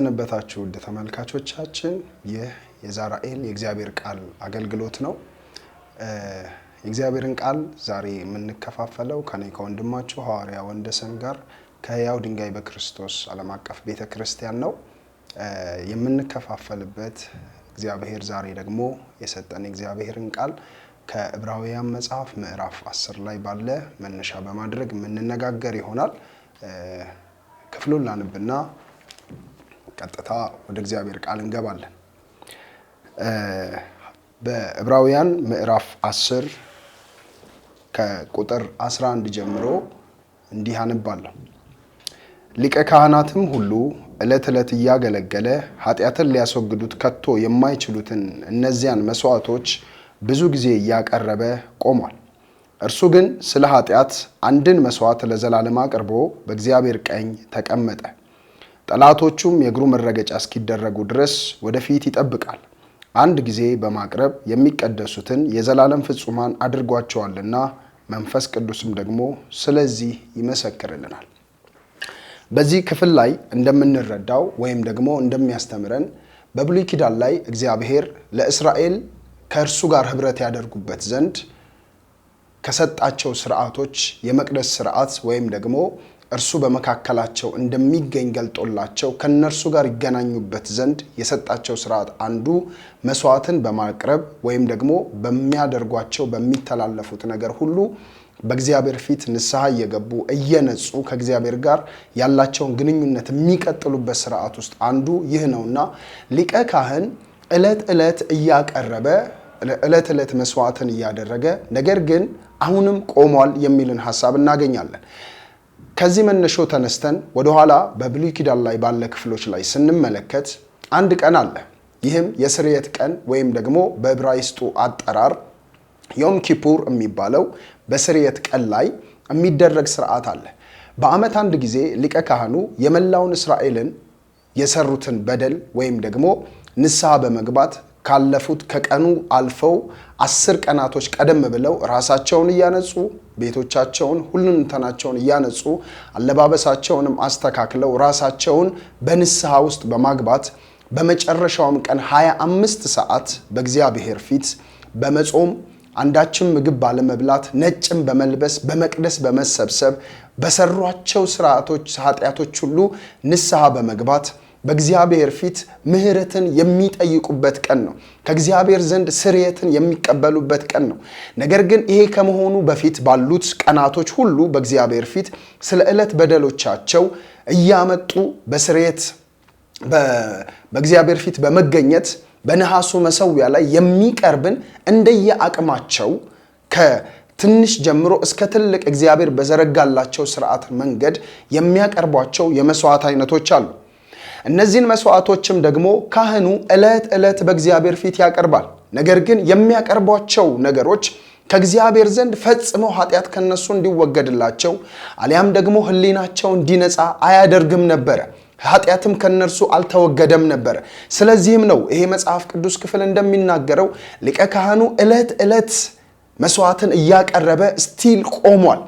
እንደምንሰነበታችሁ ውድ ተመልካቾቻችን፣ ይህ የዛራኤል የእግዚአብሔር ቃል አገልግሎት ነው። የእግዚአብሔርን ቃል ዛሬ የምንከፋፈለው ከኔ ከወንድማችሁ ሐዋርያ ወንደሰን ጋር ከህያው ድንጋይ በክርስቶስ ዓለም አቀፍ ቤተ ክርስቲያን ነው የምንከፋፈልበት። እግዚአብሔር ዛሬ ደግሞ የሰጠን የእግዚአብሔርን ቃል ከዕብራውያን መጽሐፍ ምዕራፍ አስር ላይ ባለ መነሻ በማድረግ የምንነጋገር ይሆናል። ክፍሉን ላንብና ቀጥታ ወደ እግዚአብሔር ቃል እንገባለን። በዕብራውያን ምዕራፍ 10 ከቁጥር 11 ጀምሮ እንዲህ አንባለሁ። ሊቀ ካህናትም ሁሉ ዕለት ዕለት እያገለገለ ኃጢአትን ሊያስወግዱት ከቶ የማይችሉትን እነዚያን መስዋዕቶች ብዙ ጊዜ እያቀረበ ቆሟል። እርሱ ግን ስለ ኃጢአት አንድን መስዋዕት ለዘላለም አቅርቦ በእግዚአብሔር ቀኝ ተቀመጠ። ጠላቶቹም የእግሩ መረገጫ እስኪደረጉ ድረስ ወደፊት ይጠብቃል። አንድ ጊዜ በማቅረብ የሚቀደሱትን የዘላለም ፍጹማን አድርጓቸዋልና መንፈስ ቅዱስም ደግሞ ስለዚህ ይመሰክርልናል። በዚህ ክፍል ላይ እንደምንረዳው ወይም ደግሞ እንደሚያስተምረን በብሉይ ኪዳን ላይ እግዚአብሔር ለእስራኤል ከእርሱ ጋር ኅብረት ያደርጉበት ዘንድ ከሰጣቸው ስርዓቶች የመቅደስ ስርዓት ወይም ደግሞ እርሱ በመካከላቸው እንደሚገኝ ገልጦላቸው ከእነርሱ ጋር ይገናኙበት ዘንድ የሰጣቸው ስርዓት አንዱ መስዋዕትን በማቅረብ ወይም ደግሞ በሚያደርጓቸው በሚተላለፉት ነገር ሁሉ በእግዚአብሔር ፊት ንስሐ እየገቡ እየነጹ ከእግዚአብሔር ጋር ያላቸውን ግንኙነት የሚቀጥሉበት ስርዓት ውስጥ አንዱ ይህ ነውና ሊቀ ካህን ዕለት ዕለት እያቀረበ ዕለት ዕለት መስዋዕትን እያደረገ ነገር ግን አሁንም ቆሟል የሚልን ሀሳብ እናገኛለን። ከዚህ መነሾ ተነስተን ወደኋላ በብሉይ ኪዳን ላይ ባለ ክፍሎች ላይ ስንመለከት አንድ ቀን አለ። ይህም የስርየት ቀን ወይም ደግሞ በዕብራይስጡ አጠራር ዮም ኪፑር የሚባለው በስርየት ቀን ላይ የሚደረግ ስርዓት አለ። በዓመት አንድ ጊዜ ሊቀ ካህኑ የመላውን እስራኤልን የሰሩትን በደል ወይም ደግሞ ንስሐ በመግባት ካለፉት ከቀኑ አልፈው አስር ቀናቶች ቀደም ብለው ራሳቸውን እያነጹ ቤቶቻቸውን ሁሉን እያነጹ አለባበሳቸውንም አስተካክለው ራሳቸውን በንስሐ ውስጥ በማግባት በመጨረሻውም ቀን 25 ሰዓት በእግዚአብሔር ፊት በመጾም አንዳችም ምግብ ባለመብላት ነጭም በመልበስ በመቅደስ በመሰብሰብ በሰሯቸው ስርዓቶች ኃጢአቶች ሁሉ ንስሐ በመግባት በእግዚአብሔር ፊት ምሕረትን የሚጠይቁበት ቀን ነው። ከእግዚአብሔር ዘንድ ስርየትን የሚቀበሉበት ቀን ነው። ነገር ግን ይሄ ከመሆኑ በፊት ባሉት ቀናቶች ሁሉ በእግዚአብሔር ፊት ስለ ዕለት በደሎቻቸው እያመጡ በስርየት በእግዚአብሔር ፊት በመገኘት በነሐሱ መሰዊያ ላይ የሚቀርብን እንደየአቅማቸው ከትንሽ ጀምሮ እስከ ትልቅ እግዚአብሔር በዘረጋላቸው ስርዓት መንገድ የሚያቀርቧቸው የመስዋዕት አይነቶች አሉ። እነዚህን መስዋዕቶችም ደግሞ ካህኑ ዕለት ዕለት በእግዚአብሔር ፊት ያቀርባል። ነገር ግን የሚያቀርቧቸው ነገሮች ከእግዚአብሔር ዘንድ ፈጽመው ኃጢአት ከነሱ እንዲወገድላቸው አሊያም ደግሞ ሕሊናቸው እንዲነጻ አያደርግም ነበረ። ኃጢአትም ከነርሱ አልተወገደም ነበረ። ስለዚህም ነው ይሄ መጽሐፍ ቅዱስ ክፍል እንደሚናገረው ሊቀ ካህኑ ዕለት ዕለት መስዋዕትን እያቀረበ ስቲል ቆሟል።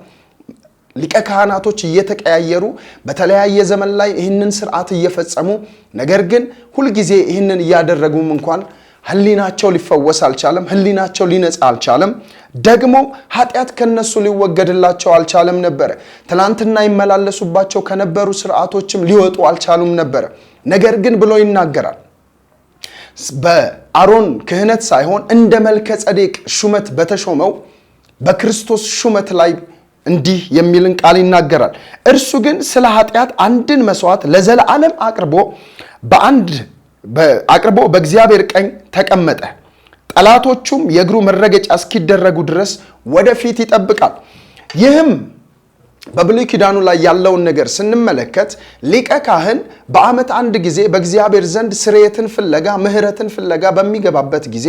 ሊቀ ካህናቶች እየተቀያየሩ በተለያየ ዘመን ላይ ይህንን ስርዓት እየፈጸሙ ነገር ግን ሁልጊዜ ይህንን እያደረጉም እንኳን ህሊናቸው ሊፈወስ አልቻለም። ህሊናቸው ሊነጻ አልቻለም። ደግሞ ኃጢአት ከነሱ ሊወገድላቸው አልቻለም ነበረ። ትናንትና ይመላለሱባቸው ከነበሩ ስርዓቶችም ሊወጡ አልቻሉም ነበረ። ነገር ግን ብሎ ይናገራል በአሮን ክህነት ሳይሆን እንደ መልከ ጸዴቅ ሹመት በተሾመው በክርስቶስ ሹመት ላይ እንዲህ የሚልን ቃል ይናገራል። እርሱ ግን ስለ ኃጢአት አንድን መስዋዕት ለዘላለም አቅርቦ በአንድ አቅርቦ በእግዚአብሔር ቀኝ ተቀመጠ። ጠላቶቹም የእግሩ መረገጫ እስኪደረጉ ድረስ ወደፊት ይጠብቃል። ይህም በብሉይ ኪዳኑ ላይ ያለውን ነገር ስንመለከት ሊቀ ካህን በዓመት አንድ ጊዜ በእግዚአብሔር ዘንድ ስርየትን ፍለጋ ምሕረትን ፍለጋ በሚገባበት ጊዜ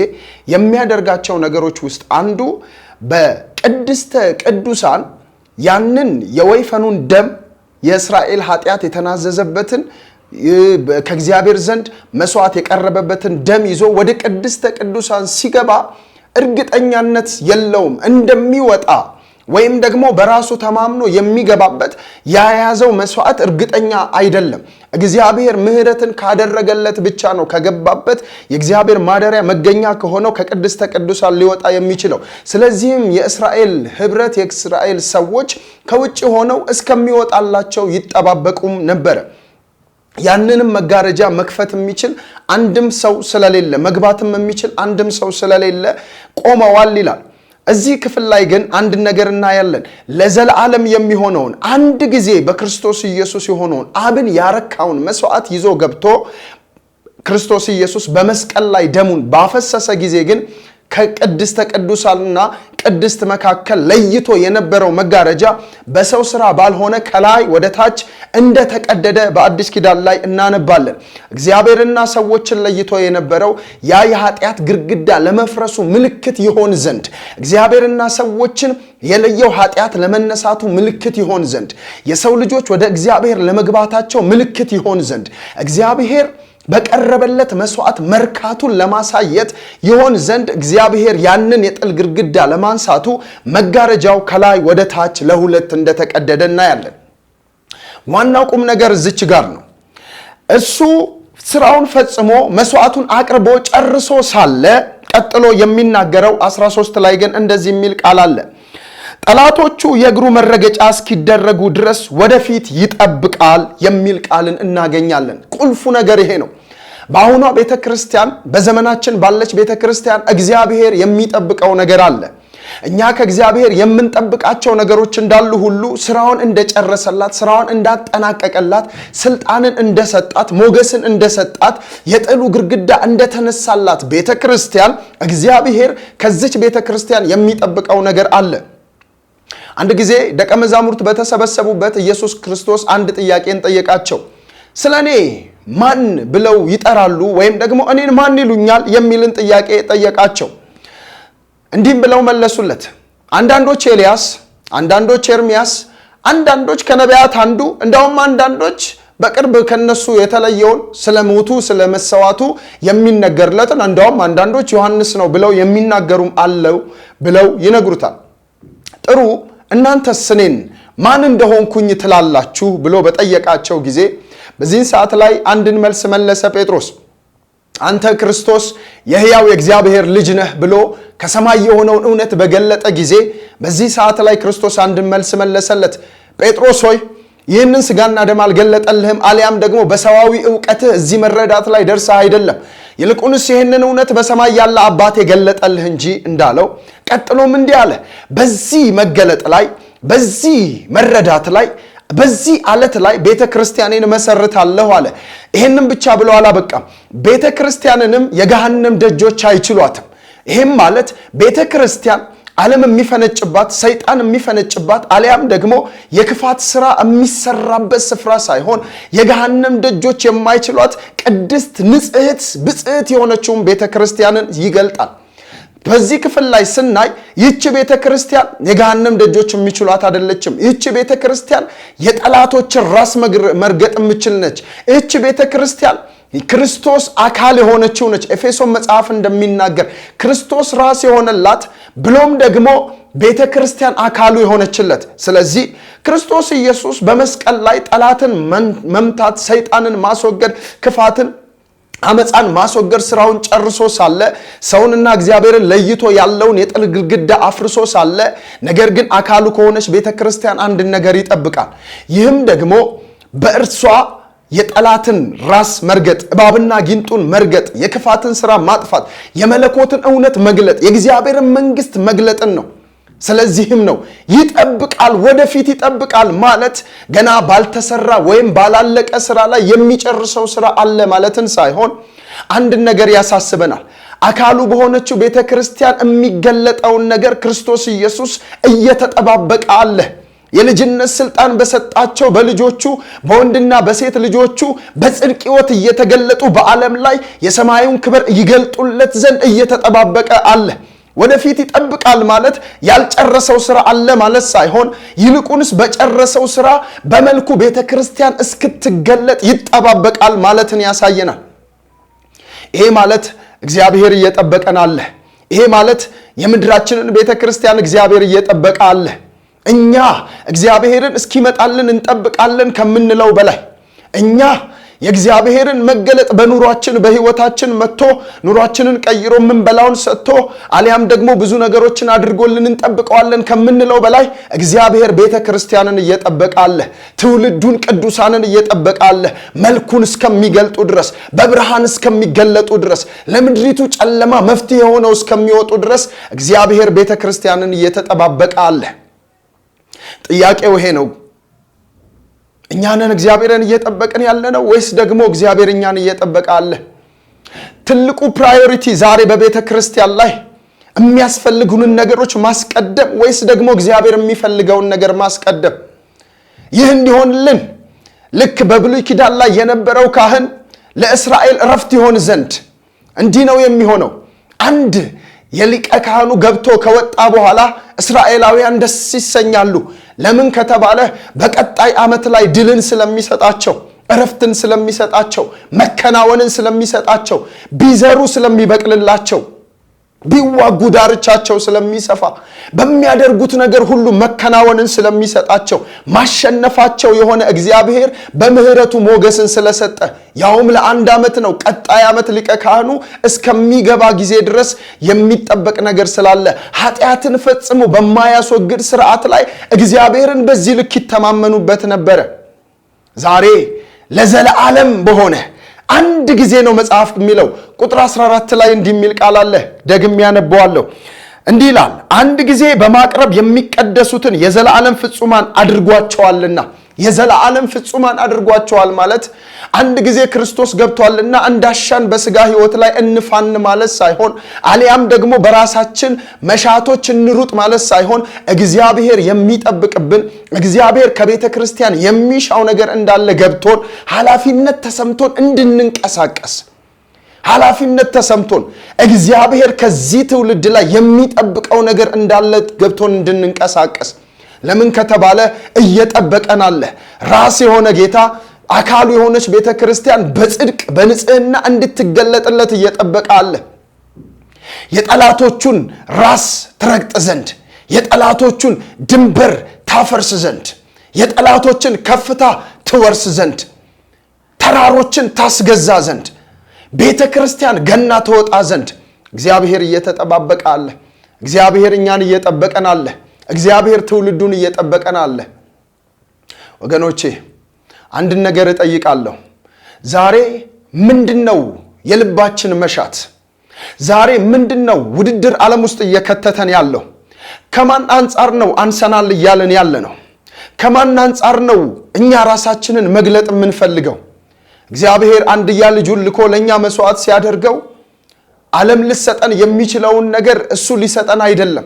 የሚያደርጋቸው ነገሮች ውስጥ አንዱ በቅድስተ ቅዱሳን ያንን የወይፈኑን ደም የእስራኤል ኃጢአት የተናዘዘበትን ከእግዚአብሔር ዘንድ መስዋዕት የቀረበበትን ደም ይዞ ወደ ቅድስተ ቅዱሳን ሲገባ እርግጠኛነት የለውም እንደሚወጣ ወይም ደግሞ በራሱ ተማምኖ የሚገባበት የያዘው መስዋዕት እርግጠኛ አይደለም። እግዚአብሔር ምሕረትን ካደረገለት ብቻ ነው ከገባበት የእግዚአብሔር ማደሪያ መገኛ ከሆነው ከቅድስተ ቅዱሳን ሊወጣ የሚችለው። ስለዚህም የእስራኤል ህብረት የእስራኤል ሰዎች ከውጭ ሆነው እስከሚወጣላቸው ይጠባበቁም ነበረ። ያንንም መጋረጃ መክፈት የሚችል አንድም ሰው ስለሌለ፣ መግባትም የሚችል አንድም ሰው ስለሌለ ቆመዋል ይላል። እዚህ ክፍል ላይ ግን አንድ ነገር እናያለን። ለዘላለም የሚሆነውን አንድ ጊዜ በክርስቶስ ኢየሱስ የሆነውን አብን ያረካውን መስዋዕት ይዞ ገብቶ ክርስቶስ ኢየሱስ በመስቀል ላይ ደሙን ባፈሰሰ ጊዜ ግን ከቅድስተ ቅዱሳንና ቅድስት መካከል ለይቶ የነበረው መጋረጃ በሰው ስራ ባልሆነ ከላይ ወደ ታች እንደተቀደደ በአዲስ ኪዳን ላይ እናነባለን። እግዚአብሔርና ሰዎችን ለይቶ የነበረው ያ የኃጢአት ግድግዳ ለመፍረሱ ምልክት ይሆን ዘንድ እግዚአብሔርና ሰዎችን የለየው ኃጢአት ለመነሳቱ ምልክት ይሆን ዘንድ የሰው ልጆች ወደ እግዚአብሔር ለመግባታቸው ምልክት ይሆን ዘንድ እግዚአብሔር በቀረበለት መስዋዕት መርካቱን ለማሳየት ይሆን ዘንድ እግዚአብሔር ያንን የጥል ግድግዳ ለማንሳቱ መጋረጃው ከላይ ወደ ታች ለሁለት እንደተቀደደ እናያለን። ዋናው ቁም ነገር ዝች ጋር ነው። እሱ ስራውን ፈጽሞ መስዋዕቱን አቅርቦ ጨርሶ ሳለ ቀጥሎ የሚናገረው 13 ላይ ግን እንደዚህ የሚል ቃል አለ። ጠላቶቹ የእግሩ መረገጫ እስኪደረጉ ድረስ ወደፊት ይጠብቃል የሚል ቃልን እናገኛለን። ቁልፉ ነገር ይሄ ነው። በአሁኗ ቤተ ክርስቲያን በዘመናችን ባለች ቤተ ክርስቲያን እግዚአብሔር የሚጠብቀው ነገር አለ። እኛ ከእግዚአብሔር የምንጠብቃቸው ነገሮች እንዳሉ ሁሉ ስራውን እንደጨረሰላት፣ ስራውን እንዳጠናቀቀላት፣ ስልጣንን እንደሰጣት፣ ሞገስን እንደሰጣት፣ የጥሉ ግድግዳ እንደተነሳላት ቤተ ክርስቲያን እግዚአብሔር ከዚች ቤተ ክርስቲያን የሚጠብቀው ነገር አለ። አንድ ጊዜ ደቀ መዛሙርት በተሰበሰቡበት ኢየሱስ ክርስቶስ አንድ ጥያቄን ጠየቃቸው። ስለ እኔ ማን ብለው ይጠራሉ ወይም ደግሞ እኔን ማን ይሉኛል የሚልን ጥያቄ ጠየቃቸው። እንዲህም ብለው መለሱለት፣ አንዳንዶች ኤልያስ፣ አንዳንዶች ኤርሚያስ፣ አንዳንዶች ከነቢያት አንዱ፣ እንዳውም አንዳንዶች በቅርብ ከነሱ የተለየውን ስለ ሞቱ ስለ መሰዋቱ የሚነገርለትን እንዳውም አንዳንዶች ዮሐንስ ነው ብለው የሚናገሩም አለው ብለው ይነግሩታል። ጥሩ እናንተስ እኔን ማን እንደሆንኩኝ ትላላችሁ ብሎ በጠየቃቸው ጊዜ በዚህን ሰዓት ላይ አንድን መልስ መለሰ ጴጥሮስ። አንተ ክርስቶስ የህያው የእግዚአብሔር ልጅ ነህ ብሎ ከሰማይ የሆነውን እውነት በገለጠ ጊዜ በዚህ ሰዓት ላይ ክርስቶስ አንድን መልስ መለሰለት። ጴጥሮስ ሆይ ይህንን ስጋና ደም አልገለጠልህም፣ አሊያም ደግሞ በሰዋዊ እውቀትህ እዚህ መረዳት ላይ ደርሰህ አይደለም። ይልቁንስ ይህንን እውነት በሰማይ ያለ አባቴ የገለጠልህ እንጂ እንዳለው፣ ቀጥሎም እንዲህ አለ። በዚህ መገለጥ ላይ በዚህ መረዳት ላይ በዚህ አለት ላይ ቤተ ክርስቲያኔን መሰርታለሁ አለ። ይህንም ብቻ ብሎ አላበቃም። ቤተ ክርስቲያንንም የገሃነም ደጆች አይችሏትም። ይህም ማለት ቤተ ክርስቲያን ዓለም የሚፈነጭባት ሰይጣን የሚፈነጭባት አሊያም ደግሞ የክፋት ስራ የሚሰራበት ስፍራ ሳይሆን የገሃነም ደጆች የማይችሏት ቅድስት፣ ንጽሕት፣ ብጽሕት የሆነችውን ቤተ ክርስቲያንን ይገልጣል። በዚህ ክፍል ላይ ስናይ ይቺ ቤተ ክርስቲያን የገሃነም ደጆች የሚችሏት አይደለችም። ይቺ ቤተ ክርስቲያን የጠላቶችን ራስ መርገጥ የምችል ነች። ይቺ ቤተ ክርስቲያን ክርስቶስ አካል የሆነችው ነች። ኤፌሶን መጽሐፍ እንደሚናገር ክርስቶስ ራስ የሆነላት ብሎም ደግሞ ቤተ ክርስቲያን አካሉ የሆነችለት። ስለዚህ ክርስቶስ ኢየሱስ በመስቀል ላይ ጠላትን መምታት፣ ሰይጣንን ማስወገድ፣ ክፋትን አመፃን ማስወገድ ስራውን ጨርሶ ሳለ ሰውንና እግዚአብሔርን ለይቶ ያለውን የጥል ግድግዳ አፍርሶ ሳለ ነገር ግን አካሉ ከሆነች ቤተ ክርስቲያን አንድን ነገር ይጠብቃል። ይህም ደግሞ በእርሷ የጠላትን ራስ መርገጥ፣ እባብና ጊንጡን መርገጥ፣ የክፋትን ስራ ማጥፋት፣ የመለኮትን እውነት መግለጥ፣ የእግዚአብሔርን መንግስት መግለጥን ነው። ስለዚህም ነው ይጠብቃል፣ ወደፊት ይጠብቃል ማለት ገና ባልተሰራ ወይም ባላለቀ ስራ ላይ የሚጨርሰው ስራ አለ ማለትን ሳይሆን አንድን ነገር ያሳስበናል። አካሉ በሆነችው ቤተ ክርስቲያን የሚገለጠውን ነገር ክርስቶስ ኢየሱስ እየተጠባበቀ አለ። የልጅነት ስልጣን በሰጣቸው በልጆቹ በወንድና በሴት ልጆቹ በጽድቅ ሕይወት እየተገለጡ በዓለም ላይ የሰማዩን ክብር ይገልጡለት ዘንድ እየተጠባበቀ አለ። ወደፊት ይጠብቃል ማለት ያልጨረሰው ስራ አለ ማለት ሳይሆን ይልቁንስ በጨረሰው ስራ በመልኩ ቤተ ክርስቲያን እስክትገለጥ ይጠባበቃል ማለትን ያሳየናል። ይሄ ማለት እግዚአብሔር እየጠበቀን አለ። ይሄ ማለት የምድራችንን ቤተ ክርስቲያን እግዚአብሔር እየጠበቀ አለ። እኛ እግዚአብሔርን እስኪመጣልን እንጠብቃለን ከምንለው በላይ እኛ የእግዚአብሔርን መገለጥ በኑሯችን በህይወታችን መጥቶ ኑሯችንን ቀይሮ የምንበላውን ሰጥቶ አሊያም ደግሞ ብዙ ነገሮችን አድርጎልን እንጠብቀዋለን ከምንለው በላይ እግዚአብሔር ቤተ ክርስቲያንን እየጠበቃለ፣ ትውልዱን ቅዱሳንን እየጠበቃለ፣ መልኩን እስከሚገልጡ ድረስ በብርሃን እስከሚገለጡ ድረስ ለምድሪቱ ጨለማ መፍትሄ ሆነው እስከሚወጡ ድረስ እግዚአብሔር ቤተ ክርስቲያንን እየተጠባበቃለ። ጥያቄው ይሄ ነው። እኛንን እግዚአብሔርን እየጠበቅን ያለ ነው ወይስ ደግሞ እግዚአብሔር እኛን እየጠበቀ አለ? ትልቁ ፕራዮሪቲ ዛሬ በቤተ ክርስቲያን ላይ የሚያስፈልጉንን ነገሮች ማስቀደም ወይስ ደግሞ እግዚአብሔር የሚፈልገውን ነገር ማስቀደም? ይህ እንዲሆንልን ልክ በብሉይ ኪዳን ላይ የነበረው ካህን ለእስራኤል እረፍት ይሆን ዘንድ እንዲህ ነው የሚሆነው። አንድ የሊቀ ካህኑ ገብቶ ከወጣ በኋላ እስራኤላውያን ደስ ይሰኛሉ። ለምን ከተባለ በቀጣይ ዓመት ላይ ድልን ስለሚሰጣቸው እረፍትን ስለሚሰጣቸው መከናወንን ስለሚሰጣቸው ቢዘሩ ስለሚበቅልላቸው ቢዋጉ ዳርቻቸው ስለሚሰፋ በሚያደርጉት ነገር ሁሉ መከናወንን ስለሚሰጣቸው ማሸነፋቸው የሆነ እግዚአብሔር በምህረቱ ሞገስን ስለሰጠ ያውም ለአንድ ዓመት ነው። ቀጣይ ዓመት ሊቀ ካህኑ እስከሚገባ ጊዜ ድረስ የሚጠበቅ ነገር ስላለ ኃጢአትን ፈጽሞ በማያስወግድ ስርዓት ላይ እግዚአብሔርን በዚህ ልክ ይተማመኑበት ነበረ። ዛሬ ለዘለዓለም በሆነ አንድ ጊዜ ነው መጽሐፍ የሚለው። ቁጥር 14 ላይ እንዲህ የሚል ቃል አለ፣ ደግሜ ያነበዋለሁ። እንዲህ ይላል፣ አንድ ጊዜ በማቅረብ የሚቀደሱትን የዘላለም ፍጹማን አድርጓቸዋልና የዘላለም ፍጹማን አድርጓቸዋል ማለት አንድ ጊዜ ክርስቶስ ገብቷልና እንዳሻን በስጋ ህይወት ላይ እንፋን ማለት ሳይሆን አሊያም ደግሞ በራሳችን መሻቶች እንሩጥ ማለት ሳይሆን እግዚአብሔር የሚጠብቅብን እግዚአብሔር ከቤተ ክርስቲያን የሚሻው ነገር እንዳለ ገብቶን ኃላፊነት ተሰምቶን እንድንንቀሳቀስ ኃላፊነት ተሰምቶን እግዚአብሔር ከዚህ ትውልድ ላይ የሚጠብቀው ነገር እንዳለ ገብቶን እንድንንቀሳቀስ ለምን ከተባለ እየጠበቀን አለ። ራስ የሆነ ጌታ አካሉ የሆነች ቤተ ክርስቲያን በጽድቅ በንጽህና እንድትገለጥለት እየጠበቀ አለ። የጠላቶቹን ራስ ትረግጥ ዘንድ፣ የጠላቶቹን ድንበር ታፈርስ ዘንድ፣ የጠላቶችን ከፍታ ትወርስ ዘንድ፣ ተራሮችን ታስገዛ ዘንድ፣ ቤተ ክርስቲያን ገና ትወጣ ዘንድ እግዚአብሔር እየተጠባበቀ አለ። እግዚአብሔር እኛን እየጠበቀን አለ። እግዚአብሔር ትውልዱን እየጠበቀን አለ። ወገኖቼ አንድን ነገር እጠይቃለሁ። ዛሬ ምንድን ነው የልባችን መሻት? ዛሬ ምንድን ነው ውድድር ዓለም ውስጥ እየከተተን ያለው? ከማን አንጻር ነው አንሰናል እያለን ያለ ነው? ከማን አንጻር ነው እኛ ራሳችንን መግለጥ የምንፈልገው? እግዚአብሔር አንድያ ልጁን ልኮ ለእኛ መስዋዕት ሲያደርገው ዓለም ልሰጠን የሚችለውን ነገር እሱ ሊሰጠን አይደለም።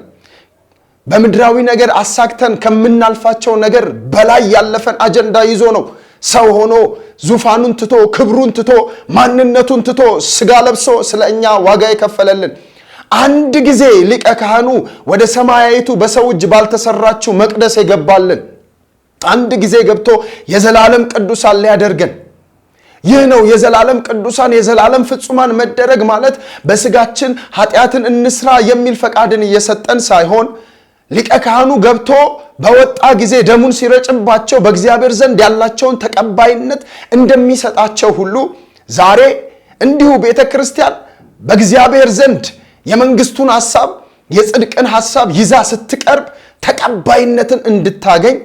በምድራዊ ነገር አሳክተን ከምናልፋቸው ነገር በላይ ያለፈን አጀንዳ ይዞ ነው ሰው ሆኖ ዙፋኑን ትቶ ክብሩን ትቶ ማንነቱን ትቶ ስጋ ለብሶ ስለ እኛ ዋጋ የከፈለልን። አንድ ጊዜ ሊቀ ካህኑ ወደ ሰማያዊቱ በሰው እጅ ባልተሰራችው መቅደስ የገባልን፣ አንድ ጊዜ ገብቶ የዘላለም ቅዱሳን ሊያደርገን። ይህ ነው የዘላለም ቅዱሳን የዘላለም ፍጹማን መደረግ ማለት። በስጋችን ኃጢአትን እንስራ የሚል ፈቃድን እየሰጠን ሳይሆን ሊቀ ካህኑ ገብቶ በወጣ ጊዜ ደሙን ሲረጭባቸው በእግዚአብሔር ዘንድ ያላቸውን ተቀባይነት እንደሚሰጣቸው ሁሉ ዛሬ እንዲሁ ቤተ ክርስቲያን በእግዚአብሔር ዘንድ የመንግስቱን ሐሳብ የጽድቅን ሐሳብ ይዛ ስትቀርብ ተቀባይነትን እንድታገኝ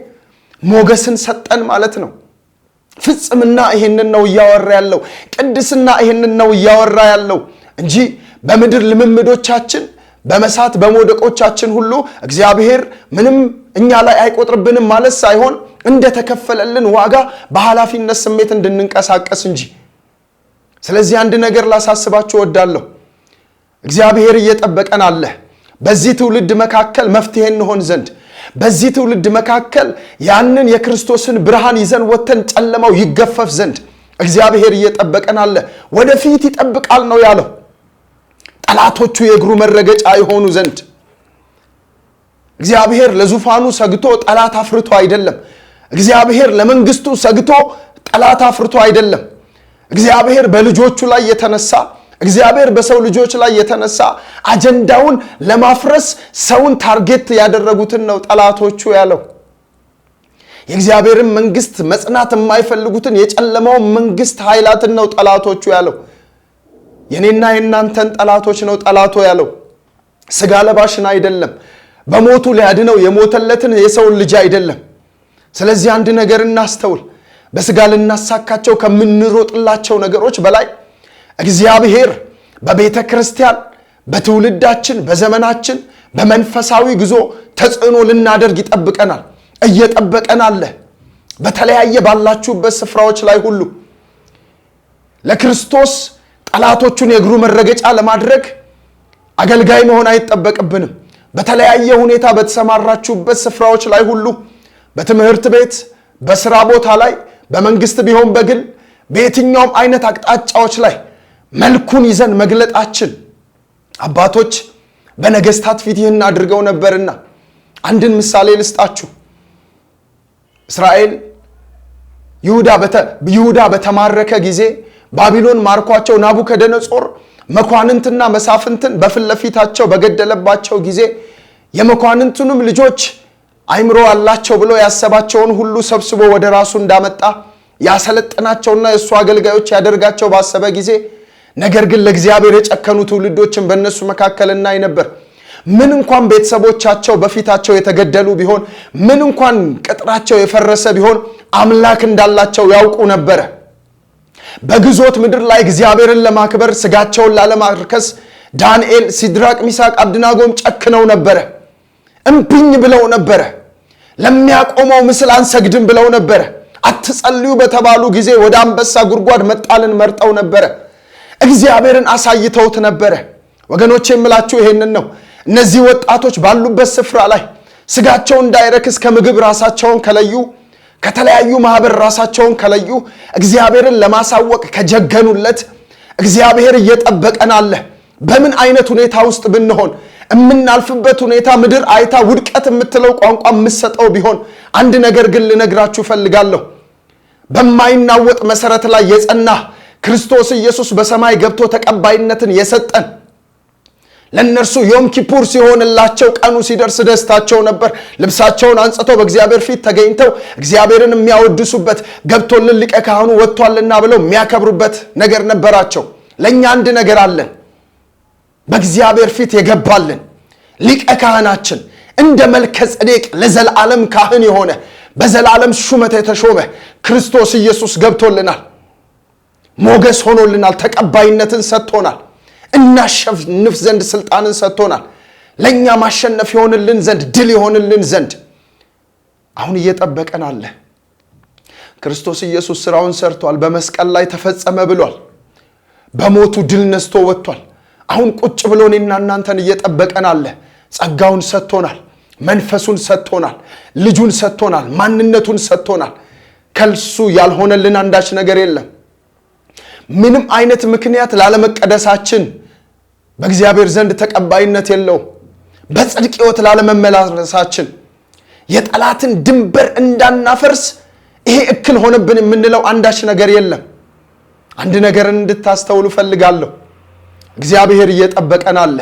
ሞገስን ሰጠን ማለት ነው። ፍጽምና ይሄንን ነው እያወራ ያለው። ቅድስና ይሄንን ነው እያወራ ያለው እንጂ በምድር ልምምዶቻችን በመሳት በመውደቆቻችን ሁሉ እግዚአብሔር ምንም እኛ ላይ አይቆጥርብንም ማለት ሳይሆን እንደተከፈለልን ዋጋ በኃላፊነት ስሜት እንድንንቀሳቀስ እንጂ። ስለዚህ አንድ ነገር ላሳስባችሁ እወዳለሁ። እግዚአብሔር እየጠበቀን አለ። በዚህ ትውልድ መካከል መፍትሄ እንሆን ዘንድ በዚህ ትውልድ መካከል ያንን የክርስቶስን ብርሃን ይዘን ወጥተን ጨለማው ይገፈፍ ዘንድ እግዚአብሔር እየጠበቀን አለ። ወደፊት ይጠብቃል ነው ያለው። ጠላቶቹ የእግሩ መረገጫ የሆኑ ዘንድ እግዚአብሔር ለዙፋኑ ሰግቶ ጠላት አፍርቶ አይደለም። እግዚአብሔር ለመንግስቱ ሰግቶ ጠላት አፍርቶ አይደለም። እግዚአብሔር በልጆቹ ላይ የተነሳ እግዚአብሔር በሰው ልጆች ላይ የተነሳ አጀንዳውን ለማፍረስ ሰውን ታርጌት ያደረጉትን ነው ጠላቶቹ ያለው። የእግዚአብሔርን መንግስት መጽናት የማይፈልጉትን የጨለመውን መንግስት ኃይላትን ነው ጠላቶቹ ያለው። የኔና የእናንተን ጠላቶች ነው ጠላቶ ያለው። ስጋ ለባሽን አይደለም። በሞቱ ሊያድነው የሞተለትን የሰውን ልጅ አይደለም። ስለዚህ አንድ ነገር እናስተውል። በስጋ ልናሳካቸው ከምንሮጥላቸው ነገሮች በላይ እግዚአብሔር በቤተ ክርስቲያን፣ በትውልዳችን፣ በዘመናችን በመንፈሳዊ ጉዞ ተጽዕኖ ልናደርግ ይጠብቀናል። እየጠበቀን አለ። በተለያየ ባላችሁበት ስፍራዎች ላይ ሁሉ ለክርስቶስ ጠላቶቹን የእግሩ መረገጫ ለማድረግ አገልጋይ መሆን አይጠበቅብንም። በተለያየ ሁኔታ በተሰማራችሁበት ስፍራዎች ላይ ሁሉ በትምህርት ቤት፣ በስራ ቦታ ላይ በመንግስት ቢሆን በግል በየትኛውም አይነት አቅጣጫዎች ላይ መልኩን ይዘን መግለጣችን አባቶች በነገስታት ፊት ይህን አድርገው ነበርና አንድን ምሳሌ ልስጣችሁ። እስራኤል ይሁዳ በተማረከ ጊዜ ባቢሎን ማርኳቸው ናቡከደነጾር መኳንንትና መሳፍንትን በፊት ለፊታቸው በገደለባቸው ጊዜ የመኳንንቱንም ልጆች አይምሮ አላቸው ብሎ ያሰባቸውን ሁሉ ሰብስቦ ወደ ራሱ እንዳመጣ ያሰለጠናቸውና የእሱ አገልጋዮች ያደርጋቸው ባሰበ ጊዜ ነገር ግን ለእግዚአብሔር የጨከኑ ትውልዶችን በእነሱ መካከል እናይ ነበር። ምን እንኳን ቤተሰቦቻቸው በፊታቸው የተገደሉ ቢሆን፣ ምን እንኳን ቅጥራቸው የፈረሰ ቢሆን አምላክ እንዳላቸው ያውቁ ነበረ። በግዞት ምድር ላይ እግዚአብሔርን ለማክበር ስጋቸውን ላለማርከስ ዳንኤል፣ ሲድራቅ፣ ሚሳቅ፣ አብድናጎም ጨክነው ነበረ። እምቢኝ ብለው ነበረ። ለሚያቆመው ምስል አንሰግድም ብለው ነበረ። አትጸልዩ በተባሉ ጊዜ ወደ አንበሳ ጉድጓድ መጣልን መርጠው ነበረ። እግዚአብሔርን አሳይተውት ነበረ። ወገኖች የምላችሁ ይሄንን ነው። እነዚህ ወጣቶች ባሉበት ስፍራ ላይ ስጋቸው እንዳይረክስ ከምግብ ራሳቸውን ከለዩ ከተለያዩ ማህበር ራሳቸውን ከለዩ እግዚአብሔርን ለማሳወቅ ከጀገኑለት እግዚአብሔር እየጠበቀን አለ። በምን አይነት ሁኔታ ውስጥ ብንሆን የምናልፍበት ሁኔታ ምድር አይታ ውድቀት የምትለው ቋንቋ የምሰጠው ቢሆን አንድ ነገር ግን ልነግራችሁ እፈልጋለሁ። በማይናወጥ መሰረት ላይ የጸና ክርስቶስ ኢየሱስ በሰማይ ገብቶ ተቀባይነትን የሰጠን ለእነርሱ ዮም ኪፑር ሲሆንላቸው ቀኑ ሲደርስ ደስታቸው ነበር። ልብሳቸውን አንጽተው በእግዚአብሔር ፊት ተገኝተው እግዚአብሔርን የሚያወድሱበት ገብቶልን ሊቀ ካህኑ ወጥቷልና ብለው የሚያከብሩበት ነገር ነበራቸው። ለእኛ አንድ ነገር አለን። በእግዚአብሔር ፊት የገባልን ሊቀ ካህናችን እንደ መልከ ጼዴቅ ለዘላለም ካህን የሆነ በዘላለም ሹመት የተሾመ ክርስቶስ ኢየሱስ ገብቶልናል። ሞገስ ሆኖልናል። ተቀባይነትን ሰጥቶናል። እናሸንፍ ዘንድ ስልጣንን ሰጥቶናል። ለእኛ ማሸነፍ የሆንልን ዘንድ ድል የሆንልን ዘንድ አሁን እየጠበቀን አለ። ክርስቶስ ኢየሱስ ስራውን ሰርቷል። በመስቀል ላይ ተፈጸመ ብሏል። በሞቱ ድል ነስቶ ወጥቷል። አሁን ቁጭ ብሎ እኔና እናንተን እየጠበቀን አለ። ጸጋውን ሰጥቶናል። መንፈሱን ሰጥቶናል። ልጁን ሰጥቶናል። ማንነቱን ሰጥቶናል። ከልሱ ያልሆነልን አንዳች ነገር የለም። ምንም አይነት ምክንያት ላለመቀደሳችን በእግዚአብሔር ዘንድ ተቀባይነት የለውም። በጽድቅ ህይወት ላለመመላለሳችን የጠላትን ድንበር እንዳናፈርስ ይሄ እክል ሆነብን የምንለው አንዳች ነገር የለም። አንድ ነገርን እንድታስተውሉ ፈልጋለሁ እግዚአብሔር እየጠበቀን አለ።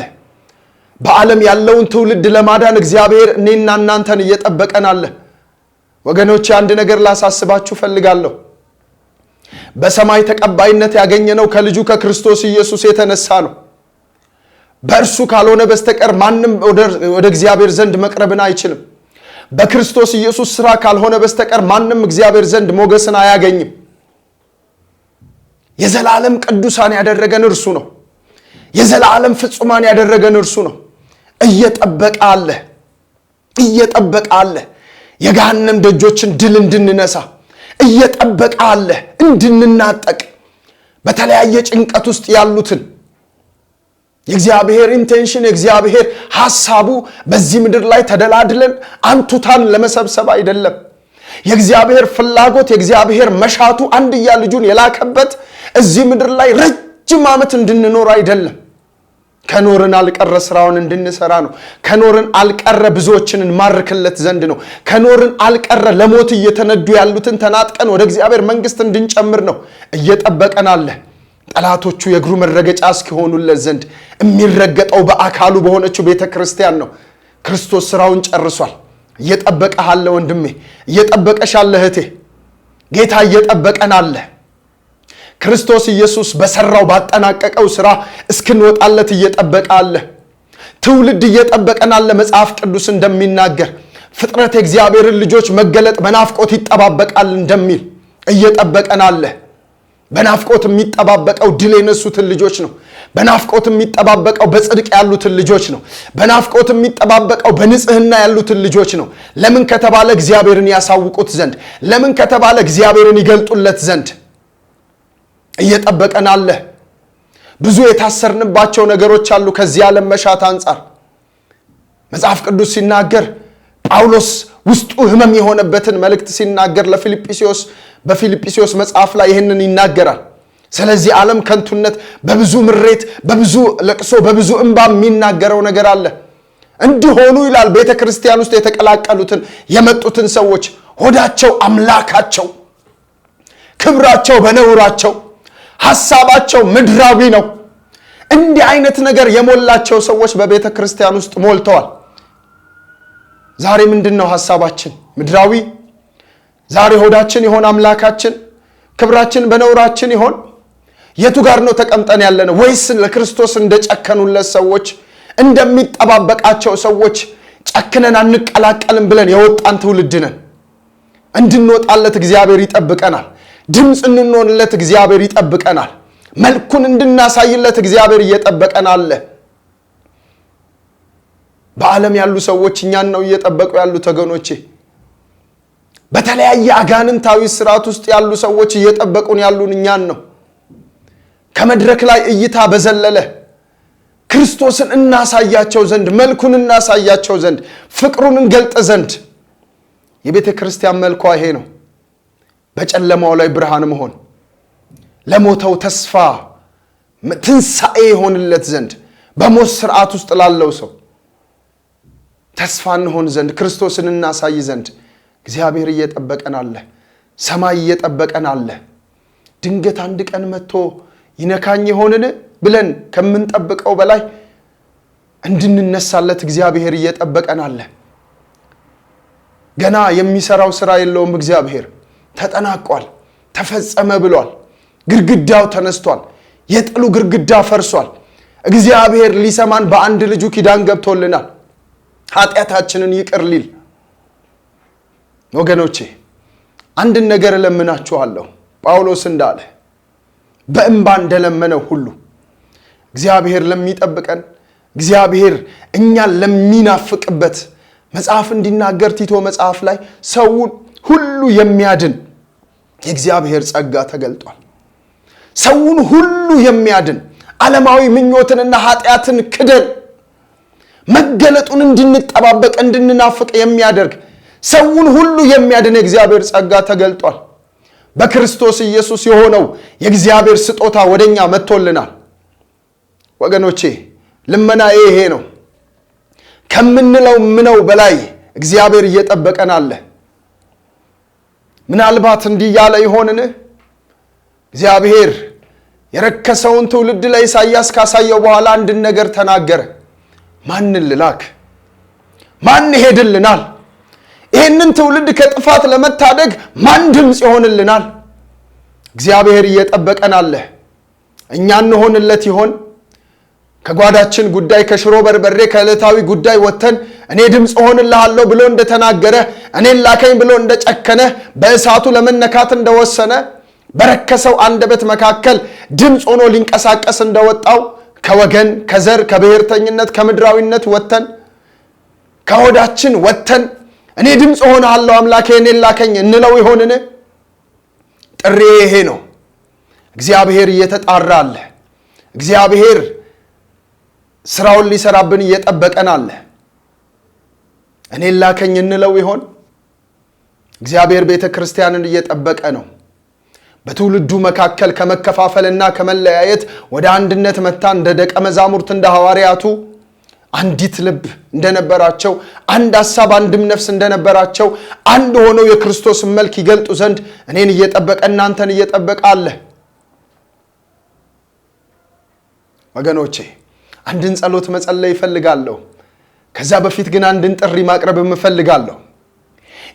በዓለም ያለውን ትውልድ ለማዳን እግዚአብሔር እኔና እናንተን እየጠበቀን አለ። ወገኖች አንድ ነገር ላሳስባችሁ ፈልጋለሁ በሰማይ ተቀባይነት ያገኘነው ከልጁ ከክርስቶስ ኢየሱስ የተነሳ ነው። በእርሱ ካልሆነ በስተቀር ማንም ወደ እግዚአብሔር ዘንድ መቅረብን አይችልም። በክርስቶስ ኢየሱስ ሥራ ካልሆነ በስተቀር ማንም እግዚአብሔር ዘንድ ሞገስን አያገኝም። የዘላለም ቅዱሳን ያደረገን እርሱ ነው። የዘላለም ፍጹማን ያደረገን እርሱ ነው። እየጠበቀ አለ፣ እየጠበቀ አለ። የገሃነም ደጆችን ድል እንድንነሳ እየጠበቀ አለ፣ እንድንናጠቅ በተለያየ ጭንቀት ውስጥ ያሉትን የእግዚአብሔር ኢንቴንሽን የእግዚአብሔር ሐሳቡ በዚህ ምድር ላይ ተደላድለን አንቱታን ለመሰብሰብ አይደለም። የእግዚአብሔር ፍላጎት የእግዚአብሔር መሻቱ አንድያ ልጁን የላከበት እዚህ ምድር ላይ ረጅም ዓመት እንድንኖር አይደለም። ከኖርን አልቀረ ስራውን እንድንሰራ ነው። ከኖርን አልቀረ ብዙዎችን እንማርክለት ዘንድ ነው። ከኖርን አልቀረ ለሞት እየተነዱ ያሉትን ተናጥቀን ወደ እግዚአብሔር መንግስት እንድንጨምር ነው። እየጠበቀን አለ። ጠላቶቹ የእግሩ መረገጫ እስኪሆኑለት ዘንድ የሚረገጠው በአካሉ በሆነችው ቤተ ክርስቲያን ነው። ክርስቶስ ስራውን ጨርሷል። እየጠበቀሃለ ወንድሜ፣ እየጠበቀሽ አለ እህቴ። ጌታ እየጠበቀን አለ። ክርስቶስ ኢየሱስ በሰራው ባጠናቀቀው ስራ እስክንወጣለት እየጠበቀ አለ። ትውልድ እየጠበቀን አለ። መጽሐፍ ቅዱስ እንደሚናገር ፍጥረት የእግዚአብሔርን ልጆች መገለጥ በናፍቆት ይጠባበቃል እንደሚል እየጠበቀን አለ። በናፍቆት የሚጠባበቀው ድል የነሱትን ልጆች ነው። በናፍቆት የሚጠባበቀው በጽድቅ ያሉትን ልጆች ነው። በናፍቆት የሚጠባበቀው በንጽህና ያሉትን ልጆች ነው። ለምን ከተባለ እግዚአብሔርን ያሳውቁት ዘንድ፣ ለምን ከተባለ እግዚአብሔርን ይገልጡለት ዘንድ እየጠበቀን አለ። ብዙ የታሰርንባቸው ነገሮች አሉ። ከዚህ ዓለም መሻት አንጻር መጽሐፍ ቅዱስ ሲናገር ጳውሎስ ውስጡ ህመም የሆነበትን መልእክት ሲናገር ለፊልጵስዩስ በፊልጵስዩስ መጽሐፍ ላይ ይህንን ይናገራል። ስለዚህ ዓለም ከንቱነት በብዙ ምሬት፣ በብዙ ለቅሶ፣ በብዙ እንባ የሚናገረው ነገር አለ። እንዲሆኑ ይላል ቤተ ክርስቲያን ውስጥ የተቀላቀሉትን የመጡትን ሰዎች ሆዳቸው አምላካቸው፣ ክብራቸው በነውራቸው፣ ሐሳባቸው ምድራዊ ነው። እንዲህ አይነት ነገር የሞላቸው ሰዎች በቤተ ክርስቲያን ውስጥ ሞልተዋል። ዛሬ ምንድን ነው ሐሳባችን? ምድራዊ ዛሬ ሆዳችን ይሆን አምላካችን? ክብራችን በነውራችን ይሆን? የቱ ጋር ነው ተቀምጠን ያለነው ወይስ ለክርስቶስ እንደጨከኑለት ሰዎች እንደሚጠባበቃቸው ሰዎች ጨክነን አንቀላቀልም ብለን የወጣን ትውልድ ነን። እንድንወጣለት እግዚአብሔር ይጠብቀናል። ድምፅ እንንሆንለት እግዚአብሔር ይጠብቀናል። መልኩን እንድናሳይለት እግዚአብሔር እየጠበቀን አለ። በዓለም ያሉ ሰዎች እኛን ነው እየጠበቁ ያሉት ተገኖቼ በተለያየ አጋንንታዊ ስርዓት ውስጥ ያሉ ሰዎች እየጠበቁን ያሉን እኛን ነው። ከመድረክ ላይ እይታ በዘለለ ክርስቶስን እናሳያቸው ዘንድ መልኩን እናሳያቸው ዘንድ ፍቅሩን እንገልጥ ዘንድ የቤተ ክርስቲያን መልኳ ይሄ ነው። በጨለማው ላይ ብርሃን መሆን፣ ለሞተው ተስፋ ትንሣኤ የሆንለት ዘንድ በሞት ስርዓት ውስጥ ላለው ሰው ተስፋ እንሆን ዘንድ ክርስቶስን እናሳይ ዘንድ እግዚአብሔር እየጠበቀን አለ። ሰማይ እየጠበቀን አለ። ድንገት አንድ ቀን መጥቶ ይነካኝ ይሆንን ብለን ከምንጠብቀው በላይ እንድንነሳለት እግዚአብሔር እየጠበቀን አለ። ገና የሚሰራው ስራ የለውም። እግዚአብሔር ተጠናቋል፣ ተፈጸመ ብሏል። ግድግዳው ተነስቷል። የጥሉ ግድግዳ ፈርሷል። እግዚአብሔር ሊሰማን በአንድ ልጁ ኪዳን ገብቶልናል። ኃጢአታችንን ይቅር ሊል ወገኖቼ አንድን ነገር እለምናችኋለሁ። ጳውሎስ እንዳለ በእንባ እንደለመነው ሁሉ እግዚአብሔር ለሚጠብቀን እግዚአብሔር እኛን ለሚናፍቅበት መጽሐፍ እንዲናገር ቲቶ መጽሐፍ ላይ ሰውን ሁሉ የሚያድን የእግዚአብሔር ጸጋ ተገልጧል። ሰውን ሁሉ የሚያድን ዓለማዊ ምኞትንና ኃጢአትን ክደን መገለጡን እንድንጠባበቅ እንድንናፍቅ የሚያደርግ ሰውን ሁሉ የሚያድን የእግዚአብሔር ጸጋ ተገልጧል። በክርስቶስ ኢየሱስ የሆነው የእግዚአብሔር ስጦታ ወደኛ መጥቶልናል። ወገኖቼ ልመና ይሄ ነው። ከምንለው ምነው በላይ እግዚአብሔር እየጠበቀን አለ። ምናልባት እንዲህ ያለ ይሆንን? እግዚአብሔር የረከሰውን ትውልድ ላይ ሳያስ ካሳየው በኋላ አንድን ነገር ተናገረ። ማንን ልላክ? ማን ይሄድልናል? ይህንን ትውልድ ከጥፋት ለመታደግ ማን ድምፅ ይሆንልናል? እግዚአብሔር እየጠበቀን አለ። እኛ እንሆንለት ይሆን? ከጓዳችን ጉዳይ ከሽሮ በርበሬ ከዕለታዊ ጉዳይ ወጥተን እኔ ድምፅ እሆንልሃለሁ ብሎ እንደተናገረ እኔን ላከኝ ብሎ እንደጨከነ በእሳቱ ለመነካት እንደወሰነ በረከሰው አንደበት መካከል ድምፅ ሆኖ ሊንቀሳቀስ እንደወጣው ከወገን ከዘር ከብሔርተኝነት ከምድራዊነት ወጥተን ከሆዳችን ወጥተን እኔ ድምፅ አለው አምላኬ እኔን ላከኝ እንለው ይሆንን? ጥሬ ይሄ ነው። እግዚአብሔር እየተጣራ አለ። እግዚአብሔር ስራውን ሊሰራብን እየጠበቀን አለ። እኔን ላከኝ እንለው ይሆን? እግዚአብሔር ቤተ ክርስቲያንን እየጠበቀ ነው። በትውልዱ መካከል ከመከፋፈልና ከመለያየት ወደ አንድነት መታ እንደ ደቀ መዛሙርት እንደ ሐዋርያቱ አንዲት ልብ እንደነበራቸው አንድ ሀሳብ አንድም ነፍስ እንደነበራቸው አንድ ሆነው የክርስቶስን መልክ ይገልጡ ዘንድ እኔን እየጠበቀ እናንተን እየጠበቀ አለ። ወገኖቼ አንድን ጸሎት መጸለይ ይፈልጋለሁ። ከዛ በፊት ግን አንድን ጥሪ ማቅረብ እፈልጋለሁ።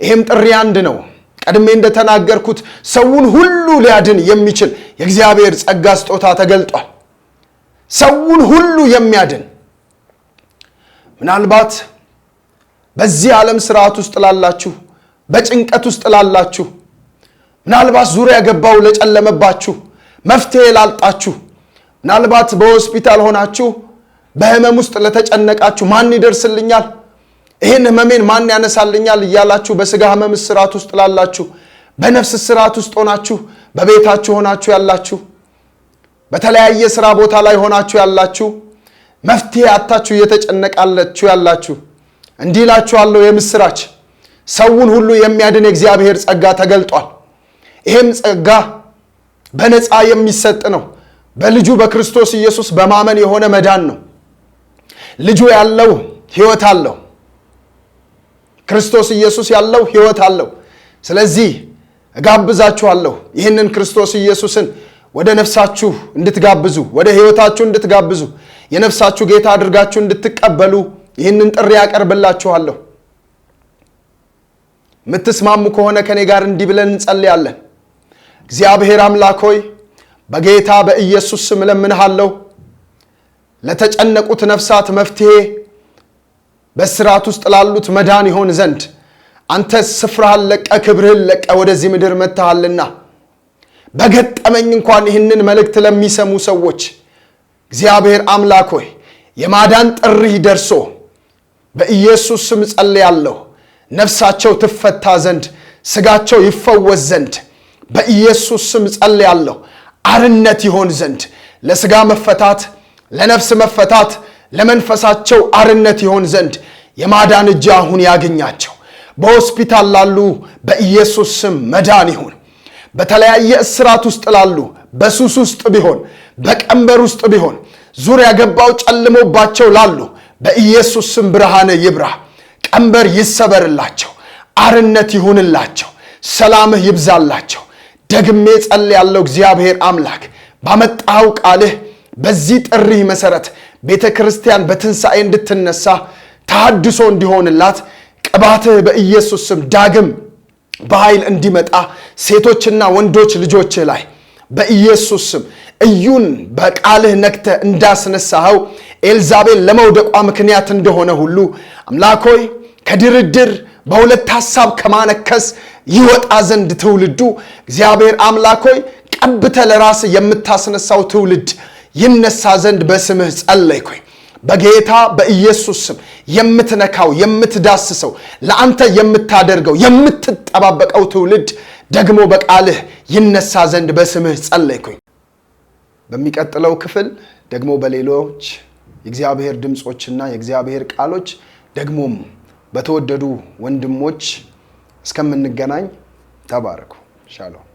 ይህም ጥሪ አንድ ነው። ቀድሜ እንደተናገርኩት ሰውን ሁሉ ሊያድን የሚችል የእግዚአብሔር ጸጋ ስጦታ ተገልጧል። ሰውን ሁሉ የሚያድን ምናልባት በዚህ ዓለም ስርዓት ውስጥ ላላችሁ፣ በጭንቀት ውስጥ ላላችሁ፣ ምናልባት ዙሪያ ገባው ለጨለመባችሁ፣ መፍትሄ ላልጣችሁ፣ ምናልባት በሆስፒታል ሆናችሁ በህመም ውስጥ ለተጨነቃችሁ ማን ይደርስልኛል፣ ይህን ህመሜን ማን ያነሳልኛል እያላችሁ በስጋ ህመም ስርዓት ውስጥ ላላችሁ፣ በነፍስ ስርዓት ውስጥ ሆናችሁ በቤታችሁ ሆናችሁ ያላችሁ፣ በተለያየ ስራ ቦታ ላይ ሆናችሁ ያላችሁ መፍትሄ አታችሁ እየተጨነቃላችሁ ያላችሁ እንዲህ እላችኋለሁ፣ የምስራች ሰውን ሁሉ የሚያድን የእግዚአብሔር ጸጋ ተገልጧል። ይህም ጸጋ በነፃ የሚሰጥ ነው። በልጁ በክርስቶስ ኢየሱስ በማመን የሆነ መዳን ነው። ልጁ ያለው ህይወት አለው። ክርስቶስ ኢየሱስ ያለው ህይወት አለው። ስለዚህ እጋብዛችኋለሁ ይህንን ክርስቶስ ኢየሱስን ወደ ነፍሳችሁ እንድትጋብዙ፣ ወደ ህይወታችሁ እንድትጋብዙ የነፍሳችሁ ጌታ አድርጋችሁ እንድትቀበሉ ይህንን ጥሪ ያቀርብላችኋለሁ። የምትስማሙ ከሆነ ከኔ ጋር እንዲህ ብለን እንጸልያለን። እግዚአብሔር አምላክ ሆይ በጌታ በኢየሱስ ስም እለምንሃለሁ። ለተጨነቁት ነፍሳት መፍትሄ፣ በስርዓት ውስጥ ላሉት መዳን ይሆን ዘንድ አንተ ስፍራህን ለቀ ክብርህን ለቀ ወደዚህ ምድር መጥተሃልና በገጠመኝ እንኳን ይህንን መልእክት ለሚሰሙ ሰዎች እግዚአብሔር አምላክ ሆይ የማዳን ጥሪ ደርሶ በኢየሱስ ስም ጸልያለሁ። ነፍሳቸው ትፈታ ዘንድ ስጋቸው ይፈወስ ዘንድ በኢየሱስ ስም ጸልያለሁ። አርነት ይሆን ዘንድ ለስጋ መፈታት፣ ለነፍስ መፈታት፣ ለመንፈሳቸው አርነት ይሆን ዘንድ የማዳን እጅ አሁን ያገኛቸው። በሆስፒታል ላሉ በኢየሱስ ስም መዳን ይሁን። በተለያየ እስራት ውስጥ ላሉ በሱስ ውስጥ ቢሆን በቀንበር ውስጥ ቢሆን ዙሪያ ገባው ጨልሞባቸው ላሉ በኢየሱስ ስም ብርሃነ ይብራ፣ ቀንበር ይሰበርላቸው፣ አርነት ይሁንላቸው፣ ሰላምህ ይብዛላቸው። ደግሜ ያለው እግዚአብሔር አምላክ ባመጣው ቃልህ በዚህ ጥሪ መሰረት ቤተ ክርስቲያን በትንሣኤ እንድትነሳ ተሐድሶ እንዲሆንላት ቅባትህ በኢየሱስ ስም ዳግም በኃይል እንዲመጣ ሴቶችና ወንዶች ልጆችህ ላይ በኢየሱስ ስም እዩን በቃልህ ነክተ እንዳስነሳኸው ኤልዛቤል ለመውደቋ ምክንያት እንደሆነ ሁሉ አምላኮይ ከድርድር በሁለት ሐሳብ ከማነከስ ይወጣ ዘንድ ትውልዱ እግዚአብሔር አምላኮይ ቀብተ ለራስ የምታስነሳው ትውልድ ይነሳ ዘንድ በስምህ ጸለይኩኝ። በጌታ በኢየሱስ ስም የምትነካው የምትዳስሰው ለአንተ የምታደርገው የምትጠባበቀው ትውልድ ደግሞ በቃልህ ይነሳ ዘንድ በስምህ ጸለይኩኝ። በሚቀጥለው ክፍል ደግሞ በሌሎች የእግዚአብሔር ድምፆችና የእግዚአብሔር ቃሎች ደግሞም በተወደዱ ወንድሞች እስከምንገናኝ ተባረኩ። ሻሎም